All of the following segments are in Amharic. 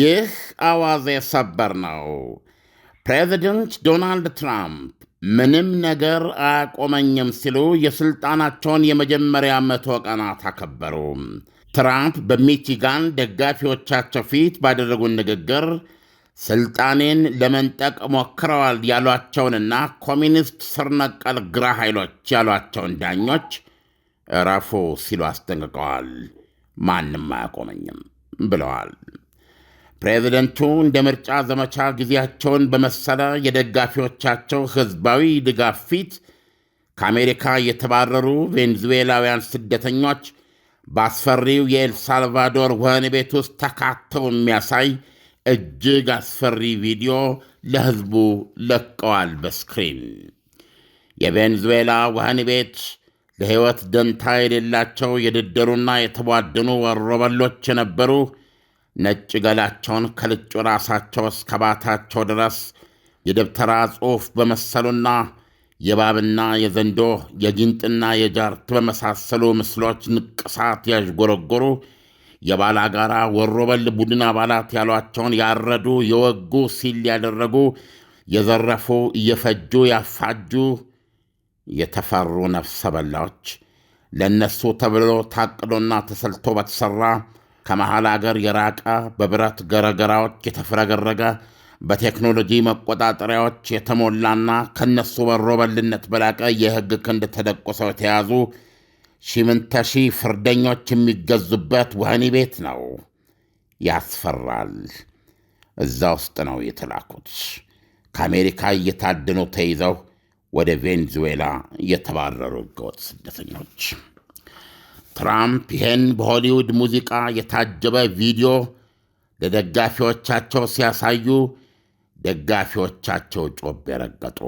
ይህ አዋዜ ሰበር ነው። ፕሬዚደንት ዶናልድ ትራምፕ ምንም ነገር አያቆመኝም ሲሉ የሥልጣናቸውን የመጀመሪያ መቶ ቀናት አከበሩ። ትራምፕ በሚቺጋን ደጋፊዎቻቸው ፊት ባደረጉት ንግግር ሥልጣኔን ለመንጠቅ ሞክረዋል ያሏቸውንና ኮሚኒስት ስር ነቀል ግራ ኃይሎች ያሏቸውን ዳኞች እረፉ ሲሉ አስጠንቅቀዋል። ማንም አያቆመኝም ብለዋል። ፕሬዚደንቱ እንደ ምርጫ ዘመቻ ጊዜያቸውን በመሰለ የደጋፊዎቻቸው ሕዝባዊ ድጋፍ ፊት ከአሜሪካ የተባረሩ ቬንዙዌላውያን ስደተኞች በአስፈሪው የኤልሳልቫዶር ወህኒ ቤት ውስጥ ተካተው የሚያሳይ እጅግ አስፈሪ ቪዲዮ ለሕዝቡ ለቀዋል። በስክሪን የቬንዙዌላ ወህኒ ቤት ለሕይወት ደንታ የሌላቸው የደደሩና የተቧደኑ ወሮበሎች የነበሩ ነጭ ገላቸውን ከልጩ ራሳቸው እስከ ባታቸው ድረስ የደብተራ ጽሑፍ በመሰሉና የባብና የዘንዶ የጊንጥና የጃርት በመሳሰሉ ምስሎች ንቅሳት ያዥጎረጎሩ የባላጋራ ወሮበል ቡድን አባላት ያሏቸውን ያረዱ፣ የወጉ፣ ሲል ያደረጉ፣ የዘረፉ፣ እየፈጁ፣ ያፋጁ የተፈሩ ነፍሰ በላዎች ለእነሱ ተብሎ ታቅዶና ተሰልቶ በተሠራ ከመሐል አገር የራቀ በብረት ገረገራዎች የተፍረገረገ በቴክኖሎጂ መቆጣጠሪያዎች የተሞላና ከነሱ በሮ በልነት በላቀ የሕግ ክንድ ተደቁሰው የተያዙ ሺምንተ ፍርደኞች የሚገዙበት ወህኒ ቤት ነው። ያስፈራል። እዛ ውስጥ ነው የተላኩት። ከአሜሪካ እየታደኑ ተይዘው ወደ ቬንዙዌላ የተባረሩ ሕገወጥ ስደተኞች ትራምፕ ይህን በሆሊውድ ሙዚቃ የታጀበ ቪዲዮ ለደጋፊዎቻቸው ሲያሳዩ ደጋፊዎቻቸው ጮቤ ረገጡ፣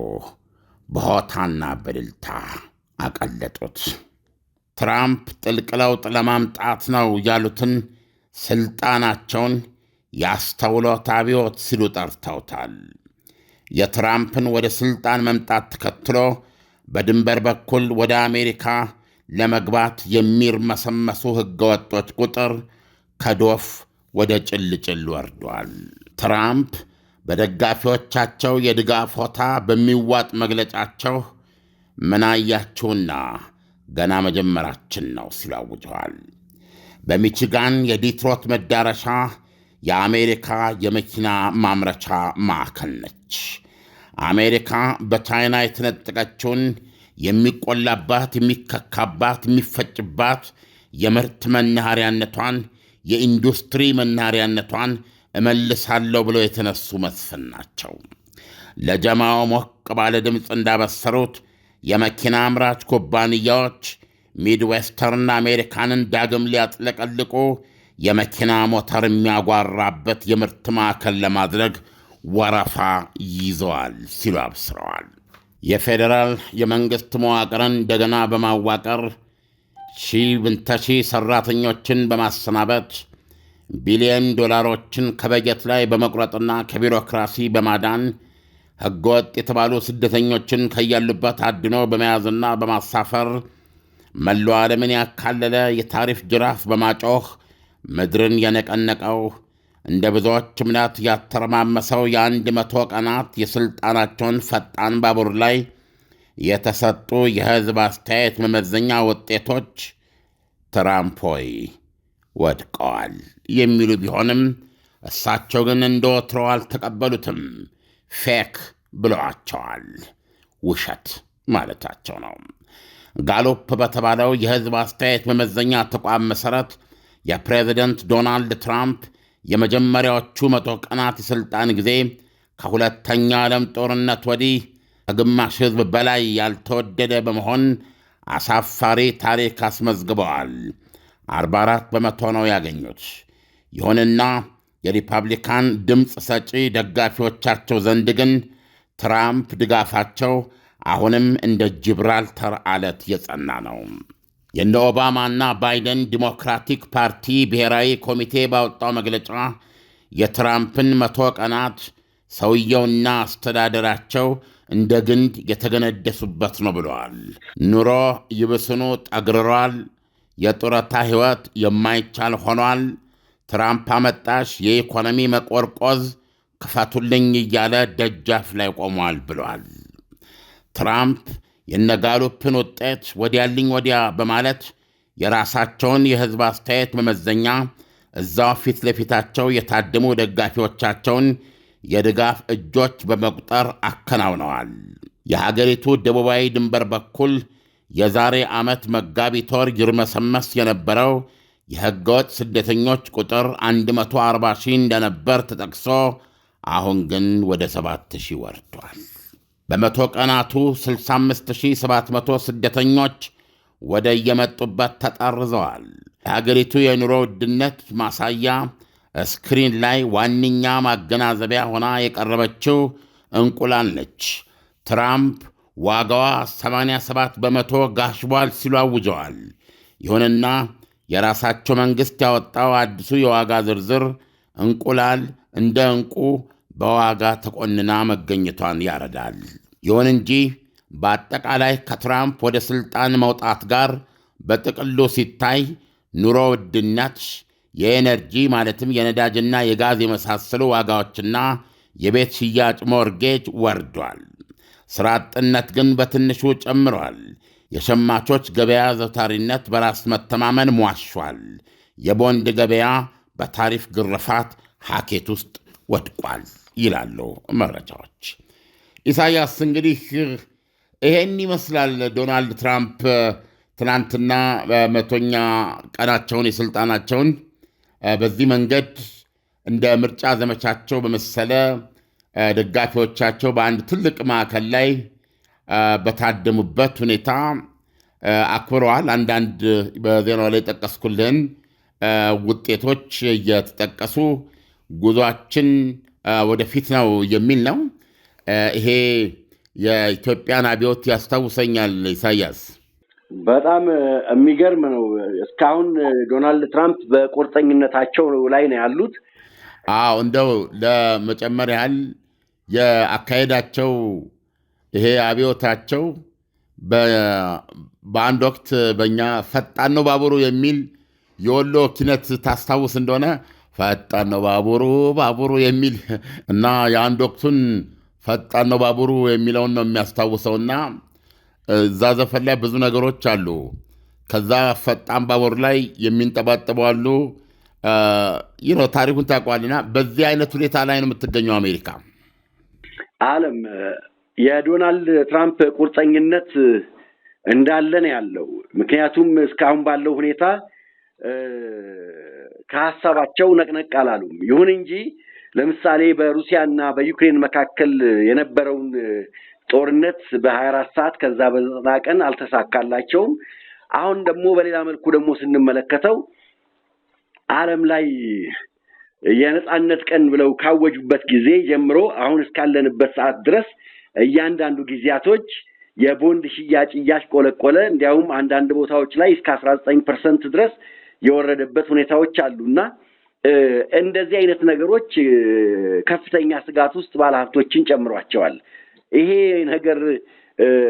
በሆታና በድልታ አቀለጡት። ትራምፕ ጥልቅ ለውጥ ለማምጣት ነው ያሉትን ሥልጣናቸውን የአስተውሎት አብዮት ሲሉ ጠርተውታል። የትራምፕን ወደ ሥልጣን መምጣት ተከትሎ በድንበር በኩል ወደ አሜሪካ ለመግባት የሚርመሰመሱ ሕገወጦች ቁጥር ከዶፍ ወደ ጭልጭል ወርዷል። ትራምፕ በደጋፊዎቻቸው የድጋፍ ሆታ በሚዋጥ መግለጫቸው ምናያችሁና ገና መጀመራችን ነው ሲሉ አውጀዋል። በሚችጋን የዲትሮት መዳረሻ የአሜሪካ የመኪና ማምረቻ ማዕከል ነች። አሜሪካ በቻይና የተነጠቀችውን የሚቆላባት፣ የሚከካባት፣ የሚፈጭባት የምርት መናኸሪያነቷን የኢንዱስትሪ መናኸሪያነቷን እመልሳለሁ ብለው የተነሱ መስፍን ናቸው። ለጀማው ሞቅ ባለ ድምፅ እንዳበሰሩት የመኪና አምራች ኩባንያዎች ሚድዌስተርን አሜሪካንን ዳግም ሊያጥለቀልቁ የመኪና ሞተር የሚያጓራበት የምርት ማዕከል ለማድረግ ወረፋ ይዘዋል ሲሉ አብስረዋል። የፌዴራል የመንግሥት መዋቅርን እንደገና በማዋቀር ሺህ ብንተ ሠራተኞችን በማሰናበት ቢሊዮን ዶላሮችን ከበጀት ላይ በመቁረጥና ከቢሮክራሲ በማዳን ሕገወጥ የተባሉ ስደተኞችን ከያሉበት አድኖ በመያዝና በማሳፈር መላው ዓለምን ያካለለ የታሪፍ ጅራፍ በማጮህ ምድርን የነቀነቀው እንደ ብዙዎች እምነት ያተረማመሰው የአንድ መቶ ቀናት የሥልጣናቸውን ፈጣን ባቡር ላይ የተሰጡ የሕዝብ አስተያየት መመዘኛ ውጤቶች ትራምፕ ሆይ ወድቀዋል የሚሉ ቢሆንም እሳቸው ግን እንደ ወትሮው አልተቀበሉትም። ፌክ ብለዋቸዋል። ውሸት ማለታቸው ነው። ጋሎፕ በተባለው የሕዝብ አስተያየት መመዘኛ ተቋም መሠረት የፕሬዚደንት ዶናልድ ትራምፕ የመጀመሪያዎቹ መቶ ቀናት የሥልጣን ጊዜ ከሁለተኛው ዓለም ጦርነት ወዲህ ከግማሽ ሕዝብ በላይ ያልተወደደ በመሆን አሳፋሪ ታሪክ አስመዝግበዋል። 44 በመቶ ነው ያገኙት። ይሁንና የሪፐብሊካን ድምፅ ሰጪ ደጋፊዎቻቸው ዘንድ ግን ትራምፕ ድጋፋቸው አሁንም እንደ ጂብራልተር አለት የጸና ነው። የእነ ኦባማና ባይደን ዲሞክራቲክ ፓርቲ ብሔራዊ ኮሚቴ ባወጣው መግለጫ የትራምፕን መቶ ቀናት ሰውየውና አስተዳደራቸው እንደ ግንድ የተገነደሱበት ነው ብለዋል። ኑሮ ይብስኑ ጠግርሯል። የጡረታ ሕይወት የማይቻል ሆኗል። ትራምፕ አመጣሽ የኢኮኖሚ መቆርቆዝ ክፈቱልኝ እያለ ደጃፍ ላይ ቆሟል ብለዋል። ትራምፕ የነጋሎፕን ውጤት ወዲያልኝ ወዲያ በማለት የራሳቸውን የሕዝብ አስተያየት መመዘኛ እዛው ፊት ለፊታቸው የታደሙ ደጋፊዎቻቸውን የድጋፍ እጆች በመቁጠር አከናውነዋል። የሀገሪቱ ደቡባዊ ድንበር በኩል የዛሬ ዓመት መጋቢት ወር ይርመሰመስ የነበረው የሕገወጥ ስደተኞች ቁጥር 140 ሺህ እንደነበር ተጠቅሶ አሁን ግን ወደ 7 ሺህ ወርዷል። በመቶ ቀናቱ 65700 ስደተኞች ወደ የመጡበት ተጠርዘዋል። የሀገሪቱ የኑሮ ውድነት ማሳያ ስክሪን ላይ ዋነኛ ማገናዘቢያ ሆና የቀረበችው እንቁላል ነች። ትራምፕ ዋጋዋ 87 በመቶ ጋሽቧል ሲሉ አውጀዋል። ይሁንና የራሳቸው መንግሥት ያወጣው አዲሱ የዋጋ ዝርዝር እንቁላል እንደ እንቁ በዋጋ ተቆንና መገኘቷን ያረዳል። ይሁን እንጂ በአጠቃላይ ከትራምፕ ወደ ሥልጣን መውጣት ጋር በጥቅሉ ሲታይ ኑሮ ውድነት፣ የኤነርጂ ማለትም የነዳጅና የጋዝ የመሳሰሉ ዋጋዎችና የቤት ሽያጭ ሞርጌጅ ወርዷል። ሥራ አጥነት ግን በትንሹ ጨምሯል። የሸማቾች ገበያ ዘውታሪነት በራስ መተማመን ሟሿል። የቦንድ ገበያ በታሪፍ ግርፋት ሐኬት ውስጥ ወድቋል ይላሉ መረጃዎች። ኢሳያስ እንግዲህ ይሄን ይመስላል ዶናልድ ትራምፕ ትናንትና በመቶኛ ቀናቸውን የስልጣናቸውን በዚህ መንገድ እንደ ምርጫ ዘመቻቸው በመሰለ ደጋፊዎቻቸው በአንድ ትልቅ ማዕከል ላይ በታደሙበት ሁኔታ አክብረዋል። አንዳንድ በዜናው ላይ የጠቀስኩልህን ውጤቶች እየተጠቀሱ ጉዟችን ወደፊት ነው የሚል ነው። ይሄ የኢትዮጵያን አብዮት ያስታውሰኛል። ኢሳያስ በጣም የሚገርም ነው። እስካሁን ዶናልድ ትራምፕ በቁርጠኝነታቸው ላይ ነው ያሉት። አዎ እንደው ለመጨመር ያህል የአካሄዳቸው ይሄ አብዮታቸው በአንድ ወቅት በእኛ ፈጣን ነው ባቡሩ የሚል የወሎ ኪነት ታስታውስ እንደሆነ ፈጣን ነው ባቡሩ ባቡሩ የሚል እና የአንድ ወቅቱን ፈጣን ነው ባቡሩ የሚለውን ነው የሚያስታውሰውና እዛ ዘፈን ላይ ብዙ ነገሮች አሉ። ከዛ ፈጣን ባቡር ላይ የሚንጠባጠቡ አሉ። ይህ ነው ታሪኩን ታውቋልና፣ በዚህ አይነት ሁኔታ ላይ ነው የምትገኘው አሜሪካ። አለም የዶናልድ ትራምፕ ቁርጠኝነት እንዳለ ነው ያለው። ምክንያቱም እስካሁን ባለው ሁኔታ ከሀሳባቸው ነቅነቅ አላሉም። ይሁን እንጂ ለምሳሌ እና በዩክሬን መካከል የነበረውን ጦርነት በሀያ አራት ሰዓት ከዛ በዘጠና ቀን አልተሳካላቸውም። አሁን ደግሞ በሌላ መልኩ ደግሞ ስንመለከተው ዓለም ላይ የነፃነት ቀን ብለው ካወጁበት ጊዜ ጀምሮ አሁን እስካለንበት ሰዓት ድረስ እያንዳንዱ ጊዜያቶች የቦንድ ሽያጭ እያሽቆለቆለ እንዲያውም አንዳንድ ቦታዎች ላይ እስከ አስራ ዘጠኝ ፐርሰንት ድረስ የወረደበት ሁኔታዎች አሉ እና እንደዚህ አይነት ነገሮች ከፍተኛ ስጋት ውስጥ ባለሀብቶችን ጨምሯቸዋል። ይሄ ነገር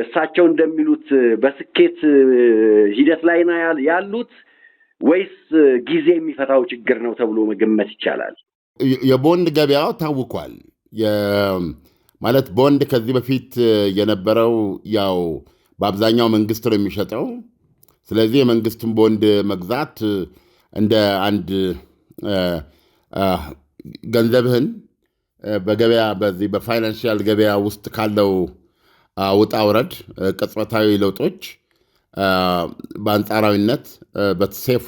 እሳቸው እንደሚሉት በስኬት ሂደት ላይ ነው ያሉት ወይስ ጊዜ የሚፈታው ችግር ነው ተብሎ መገመት ይቻላል? የቦንድ ገበያው ታውኳል። ማለት ቦንድ ከዚህ በፊት የነበረው ያው በአብዛኛው መንግስት ነው የሚሸጠው። ስለዚህ የመንግስትን ቦንድ መግዛት እንደ አንድ ገንዘብህን በገበያ በዚህ በፋይናንሽያል ገበያ ውስጥ ካለው ውጣ ውረድ፣ ቅጽበታዊ ለውጦች በአንጻራዊነት በሴፍ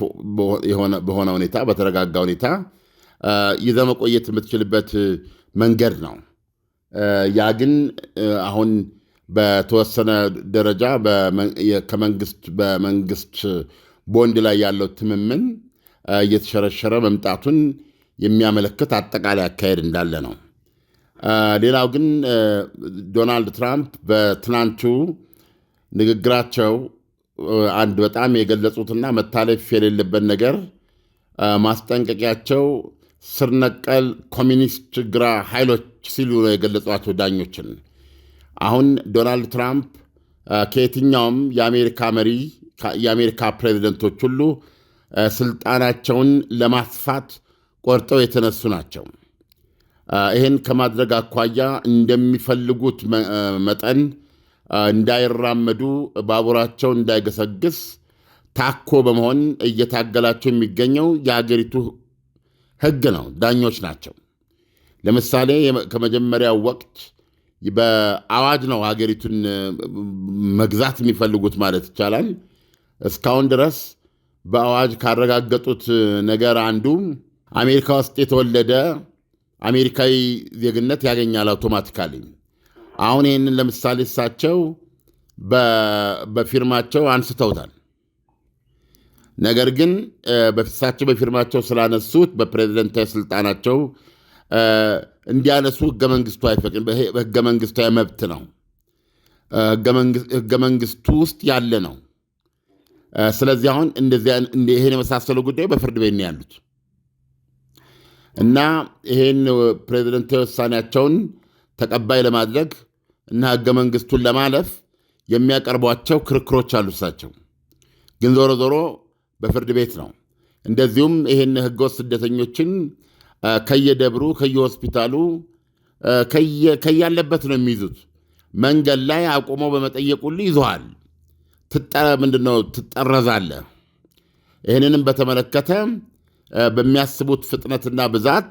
በሆነ ሁኔታ በተረጋጋ ሁኔታ ይዘመቆየት መቆየት የምትችልበት መንገድ ነው። ያ ግን አሁን በተወሰነ ደረጃ ከመንግስት በመንግስት ቦንድ ላይ ያለው ትምምን እየተሸረሸረ መምጣቱን የሚያመለክት አጠቃላይ አካሄድ እንዳለ ነው። ሌላው ግን ዶናልድ ትራምፕ በትናንቱ ንግግራቸው አንድ በጣም የገለጹትና መታለፍ የሌለበት ነገር ማስጠንቀቂያቸው ስርነቀል ኮሚኒስት ግራ ኃይሎች ሲሉ ነው የገለጿቸው ዳኞችን። አሁን ዶናልድ ትራምፕ ከየትኛውም የአሜሪካ መሪ የአሜሪካ ፕሬዚደንቶች ሁሉ ስልጣናቸውን ለማስፋት ቆርጠው የተነሱ ናቸው። ይህን ከማድረግ አኳያ እንደሚፈልጉት መጠን እንዳይራመዱ ባቡራቸው እንዳይገሰግስ ታኮ በመሆን እየታገላቸው የሚገኘው የሀገሪቱ ሕግ ነው፣ ዳኞች ናቸው። ለምሳሌ ከመጀመሪያው ወቅት በአዋጅ ነው ሀገሪቱን መግዛት የሚፈልጉት ማለት ይቻላል። እስካሁን ድረስ በአዋጅ ካረጋገጡት ነገር አንዱ አሜሪካ ውስጥ የተወለደ አሜሪካዊ ዜግነት ያገኛል አውቶማቲካሊ። አሁን ይህንን ለምሳሌ እሳቸው በፊርማቸው አንስተውታል። ነገር ግን በእሳቸው በፊርማቸው ስላነሱት በፕሬዝደንታዊ ስልጣናቸው እንዲያነሱ ህገ መንግስቱ አይፈቅድም። ህገ መንግስታዊ መብት ነው። ህገ መንግስቱ ውስጥ ያለ ነው። ስለዚህ አሁን ይሄን የመሳሰሉ ጉዳይ በፍርድ ቤት ነው ያሉት እና ይህን ፕሬዚደንት ውሳኔያቸውን ተቀባይ ለማድረግ እና ህገ መንግስቱን ለማለፍ የሚያቀርቧቸው ክርክሮች አሉ። እሳቸው ግን ዞሮ ዞሮ በፍርድ ቤት ነው። እንደዚሁም ይህን ህገወጥ ስደተኞችን ከየደብሩ ከየሆስፒታሉ ከያለበት ነው የሚይዙት። መንገድ ላይ አቁሞ በመጠየቁ ሁሉ ይዘዋል። ምንድነው ትጠረዛለ? ይህንንም በተመለከተ በሚያስቡት ፍጥነትና ብዛት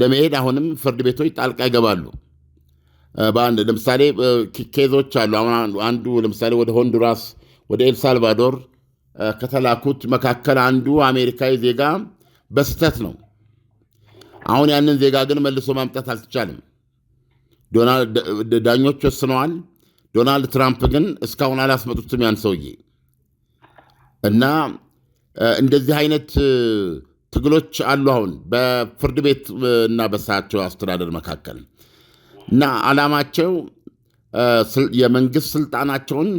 ለመሄድ አሁንም ፍርድ ቤቶች ጣልቃ ይገባሉ። በአንድ ለምሳሌ ኬዞች አሉ። አንዱ ለምሳሌ ወደ ሆንዱራስ፣ ወደ ኤልሳልቫዶር ከተላኩት መካከል አንዱ አሜሪካዊ ዜጋ በስተት ነው። አሁን ያንን ዜጋ ግን መልሶ ማምጣት አልተቻለም። ዳኞች ወስነዋል። ዶናልድ ትራምፕ ግን እስካሁን አላስመጡትም ያን ሰውዬ እና እንደዚህ አይነት ትግሎች አሉ አሁን በፍርድ ቤት እና በሳቸው አስተዳደር መካከል እና አላማቸው የመንግስት ስልጣናቸውን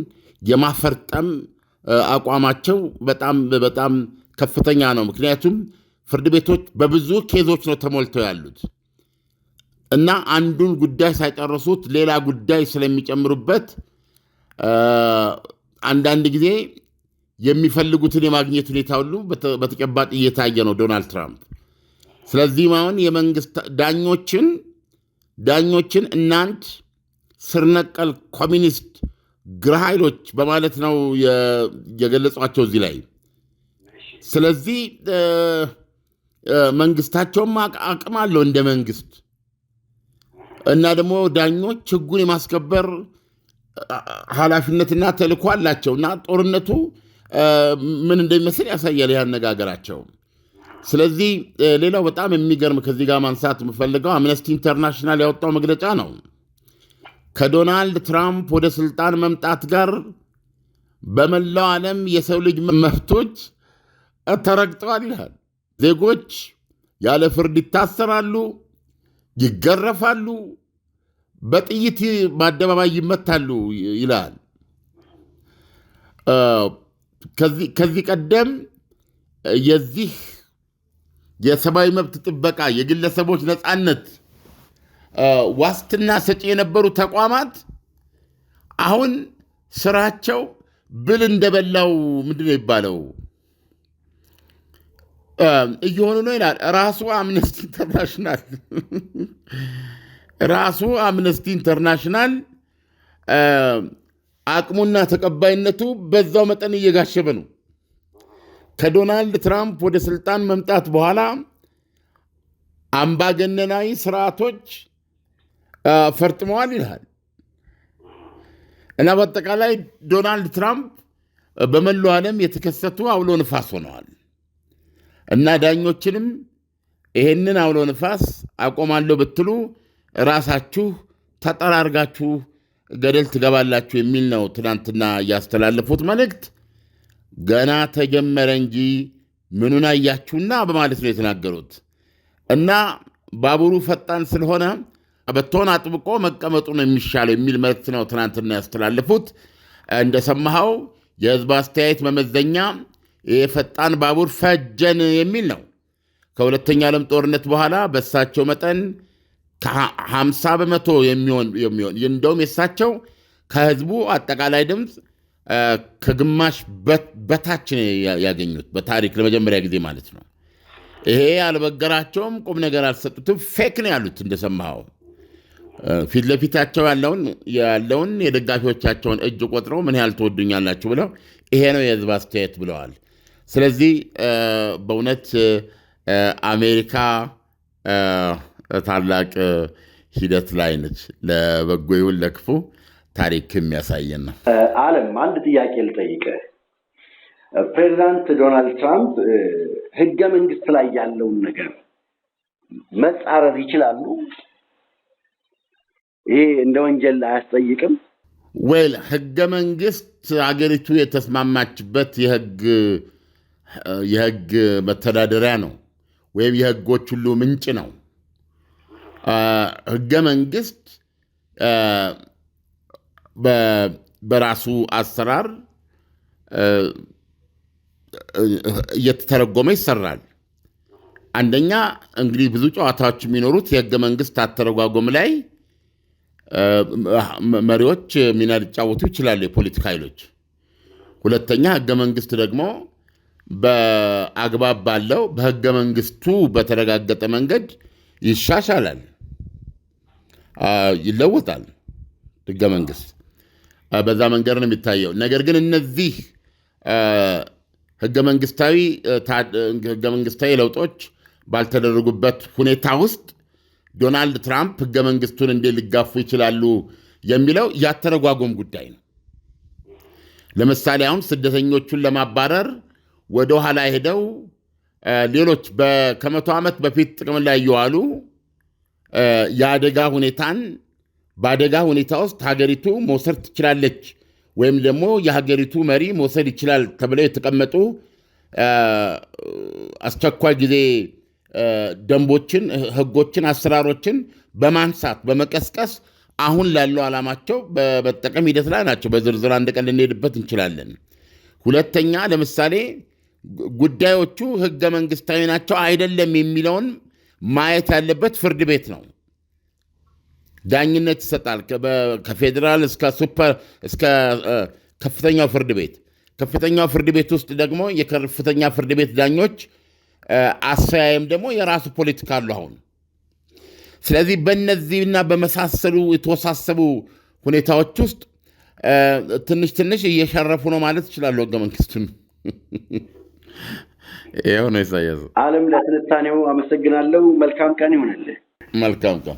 የማፈርጠም አቋማቸው በጣም በጣም ከፍተኛ ነው። ምክንያቱም ፍርድ ቤቶች በብዙ ኬዞች ነው ተሞልተው ያሉት። እና አንዱን ጉዳይ ሳይጨርሱት ሌላ ጉዳይ ስለሚጨምሩበት አንዳንድ ጊዜ የሚፈልጉትን የማግኘት ሁኔታ ሁሉ በተጨባጭ እየታየ ነው ዶናልድ ትራምፕ። ስለዚህ አሁን የመንግስት ዳኞችን ዳኞችን እናንት ስርነቀል ኮሚኒስት ግራ ኃይሎች በማለት ነው የገለጿቸው እዚህ ላይ። ስለዚህ መንግስታቸውም አቅም አለው እንደ መንግስት እና ደግሞ ዳኞች ህጉን የማስከበር ኃላፊነትና ተልእኮ አላቸው እና ጦርነቱ ምን እንደሚመስል ያሳያል ያነጋገራቸው። ስለዚህ ሌላው በጣም የሚገርም ከዚህ ጋር ማንሳት የምፈልገው አምነስቲ ኢንተርናሽናል ያወጣው መግለጫ ነው። ከዶናልድ ትራምፕ ወደ ስልጣን መምጣት ጋር በመላው ዓለም የሰው ልጅ መብቶች ተረግጠዋል ይላል። ዜጎች ያለ ፍርድ ይታሰራሉ። ይገረፋሉ፣ በጥይት በአደባባይ ይመታሉ ይላል። ከዚህ ቀደም የዚህ የሰብአዊ መብት ጥበቃ የግለሰቦች ነፃነት ዋስትና ሰጪ የነበሩ ተቋማት አሁን ስራቸው ብል እንደበላው ምንድን ነው ይባለው እየሆኑ ነው ይላል ራሱ አምነስቲ ኢንተርናሽናል ራሱ አምነስቲ ኢንተርናሽናል አቅሙና ተቀባይነቱ በዛው መጠን እየጋሸበ ነው። ከዶናልድ ትራምፕ ወደ ስልጣን መምጣት በኋላ አምባገነናዊ ስርዓቶች ፈርጥመዋል ይላል። እና በአጠቃላይ ዶናልድ ትራምፕ በመላው ዓለም የተከሰቱ አውሎ ንፋስ ሆነዋል። እና ዳኞችንም ይሄንን አውሎ ንፋስ አቆማለሁ ብትሉ ራሳችሁ ተጠራርጋችሁ ገደል ትገባላችሁ የሚል ነው ትናንትና እያስተላለፉት መልእክት። ገና ተጀመረ እንጂ ምኑን አያችሁና በማለት ነው የተናገሩት። እና ባቡሩ ፈጣን ስለሆነ በቶን አጥብቆ መቀመጡ ነው የሚሻለው የሚል መልእክት ነው ትናንትና ያስተላለፉት። እንደሰማኸው የህዝብ አስተያየት መመዘኛ የፈጣን ባቡር ፈጀን የሚል ነው። ከሁለተኛ ዓለም ጦርነት በኋላ በእሳቸው መጠን ከ50 በመቶ የሚሆን እንደውም የእሳቸው ከህዝቡ አጠቃላይ ድምፅ ከግማሽ በታች ያገኙት በታሪክ ለመጀመሪያ ጊዜ ማለት ነው። ይሄ አልበገራቸውም፣ ቁም ነገር አልሰጡትም። ፌክ ነው ያሉት እንደሰማኸው። ፊት ለፊታቸው ያለውን የደጋፊዎቻቸውን እጅ ቆጥረው ምን ያህል ትወዱኛላችሁ ብለው ይሄ ነው የህዝብ አስተያየት ብለዋል። ስለዚህ በእውነት አሜሪካ ታላቅ ሂደት ላይ ነች። ለበጎ ይሁን ለክፉ ታሪክ የሚያሳየን ነው። አለም አንድ ጥያቄ ልጠይቅ። ፕሬዚዳንት ዶናልድ ትራምፕ ህገ መንግስት ላይ ያለውን ነገር መጻረር ይችላሉ? ይህ እንደ ወንጀል አያስጠይቅም? ወይል ህገ መንግስት ሀገሪቱ የተስማማችበት የህግ የህግ መተዳደሪያ ነው ወይም የህጎች ሁሉ ምንጭ ነው። ህገ መንግስት በራሱ አሰራር እየተተረጎመ ይሰራል። አንደኛ እንግዲህ ብዙ ጨዋታዎች የሚኖሩት የህገ መንግስት አተረጓጎም ላይ መሪዎች ሚና ሊጫወቱ ይችላሉ፣ የፖለቲካ ኃይሎች። ሁለተኛ ህገ መንግስት ደግሞ በአግባብ ባለው በህገ መንግስቱ በተረጋገጠ መንገድ ይሻሻላል፣ ይለወጣል ህገ መንግስት። በዛ መንገድ ነው የሚታየው። ነገር ግን እነዚህ ህገ መንግስታዊ ህገ መንግስታዊ ለውጦች ባልተደረጉበት ሁኔታ ውስጥ ዶናልድ ትራምፕ ህገ መንግስቱን እንዴት ሊጋፉ ይችላሉ የሚለው ያተረጓጎም ጉዳይ ነው። ለምሳሌ አሁን ስደተኞቹን ለማባረር ወደ ኋላ ሄደው ሌሎች ከመቶ ዓመት በፊት ጥቅም ላይ እየዋሉ የአደጋ ሁኔታን በአደጋ ሁኔታ ውስጥ ሀገሪቱ መውሰድ ትችላለች ወይም ደግሞ የሀገሪቱ መሪ መውሰድ ይችላል ተብለው የተቀመጡ አስቸኳይ ጊዜ ደንቦችን፣ ህጎችን አሰራሮችን በማንሳት በመቀስቀስ አሁን ላለው ዓላማቸው በመጠቀም ሂደት ላይ ናቸው። በዝርዝር አንድ ቀን ልንሄድበት እንችላለን። ሁለተኛ ለምሳሌ ጉዳዮቹ ህገ መንግስታዊ ናቸው አይደለም የሚለውን ማየት ያለበት ፍርድ ቤት ነው። ዳኝነት ይሰጣል። ከፌዴራል እስከ ሱፐር እስከ ከፍተኛው ፍርድ ቤት። ከፍተኛው ፍርድ ቤት ውስጥ ደግሞ የከፍተኛ ፍርድ ቤት ዳኞች አሰያየም ደግሞ የራሱ ፖለቲካ አሉ አሁን። ስለዚህ በእነዚህና በመሳሰሉ የተወሳሰቡ ሁኔታዎች ውስጥ ትንሽ ትንሽ እየሸረፉ ነው ማለት ይችላሉ ህገ መንግስቱን። ይኸው ነው ኢሳያስ አለም። ለትንታኔው አመሰግናለሁ። መልካም ቀን ይሆንልህ። መልካም ቀን